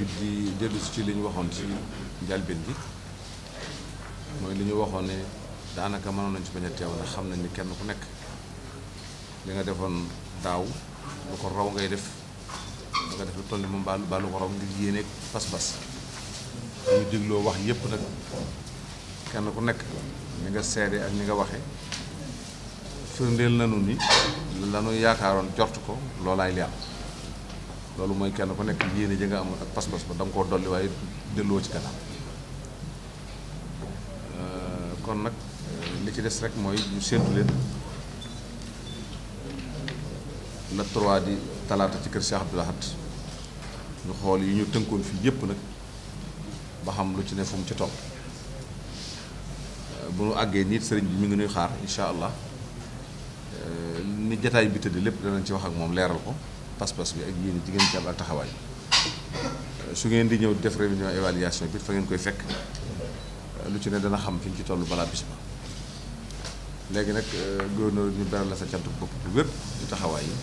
it di dellu si ci li waxoon ci njalbeen gi mooy li ñu waxoon ne daanaka mënoon nañ ci bañ a teew ndax xam nañ ni kenn ku nekk li nga defoon daaw lu ko raw ngay def da nga def lu toll ni moom baalu baalu ko raw ngir yéene pas-pas ñu dégloo wax yépp nag kenn ku nekk ñi nga seede ak ñi nga waxe firndeel nanu ni lanu yaakaaroon jort ko loolaay li loolu mooy kenn ku nekk yéene ji nga amoon ak pas-pas ba da nga koo dolli waaye delloo ci kanam euh, kon nag euh, li ci des rek mooy ñu séntu leen la trois di talaata ci kër Cheikh Abdou Lahad ñu xool yi ñu tënkoon fii yépp nag ba xam lu ci ne fu ci toog euh, bu ñu àggee nit sëriñ bi mi ngi nuy xaar incha allah ni jataay bi tëdd lépp danañ ci wax ak moom leeral ko pas-pas bi ak yéen digganteem ak taxaway su ngeen di ñew def réunion évaluation bi fa ngeen koy fekk lu ci ne dana xam fiñ ci tollu bala bisba ba nak euh, gouverneur ñu beral la sa cant bopp bu wér ci taxaway yi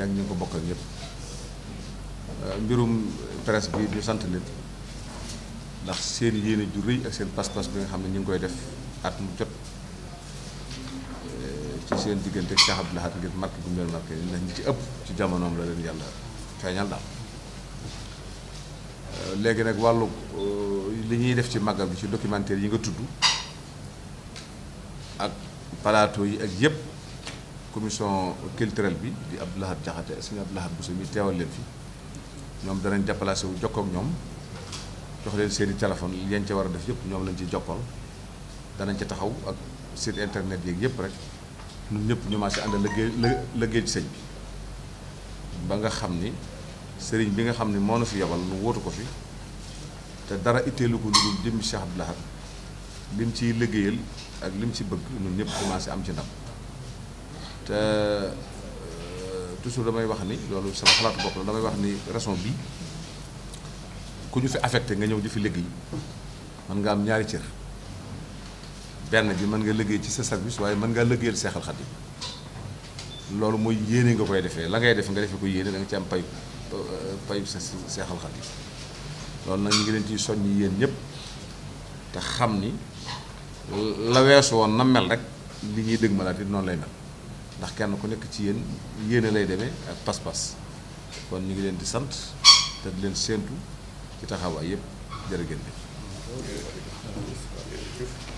yaak ñu ko bokkal ñëpp euh, mbirum presse bi ñu sant nit ndax seen yene ju reuy ak seen pas-pas bi nga xam ñu ngi koy def at mu jot ci seen diggante Cheikh ab Lahad ngir marqué bu mu leen marqué ndax ñi ci ëpp ci jamonoom la leen yàlla feeñal daal euh, léegi nag wàllu euh, li ñuy def ci màggal bi ci documentaire yi nga tudd ak plateau yi ak yëpp commission culturel bi di Abdou Lahad Diakhaté sëñ Abdou bu Bousso mi teewal leen fi ñoom danañ déplacé wu jokkoo ñoom jox leen seeni téléphone yañ ci war a def yëpp ñoom lañ ci jokkal danañ ca taxaw ak site internet yeeg yëpp rek ñun ñëpp ñu maase ànd liggéey liggéey ci sëñ bi ba nga xam ni sëriñ bi nga xam ni moo na fi yabal nu wóotu ko fi te dara itteelu ko lu dul jëmmi Cheikh Abdou Lahad lim ciy liggéeyal ak lim ci bëgg ñun ñëpp commencé am ci ndam te euh, toujours damay wax ni loolu sama xalaatu bopp la damay wax ni raison bi ku ñu fi affecté nga ñëw di fi liggéey man nga am ñaari cër. benn bi mën nga liggéey ci sa service waaye mën ngaa liggéeyal Seexal Xaadim loolu mooy yéene nga koy defee la ngay def nga defee ko yéene da nga ci am pay payu sa Seexal Xaadim loolu nag ñu ngi leen ciy soññ yéen ñëpp te xam ni la weesu woon na mel rek li ñuy dëgg malaat it noonu lay mel ndax kenn ku nekk ci yéen yéene lay demee ak pas-pas kon ñu ngi leen di sant te di leen séentu ci taxawaay yëpp jërë ngeen jëf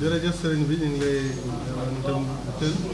jërëjëf sëriñ bi ñu ngi lay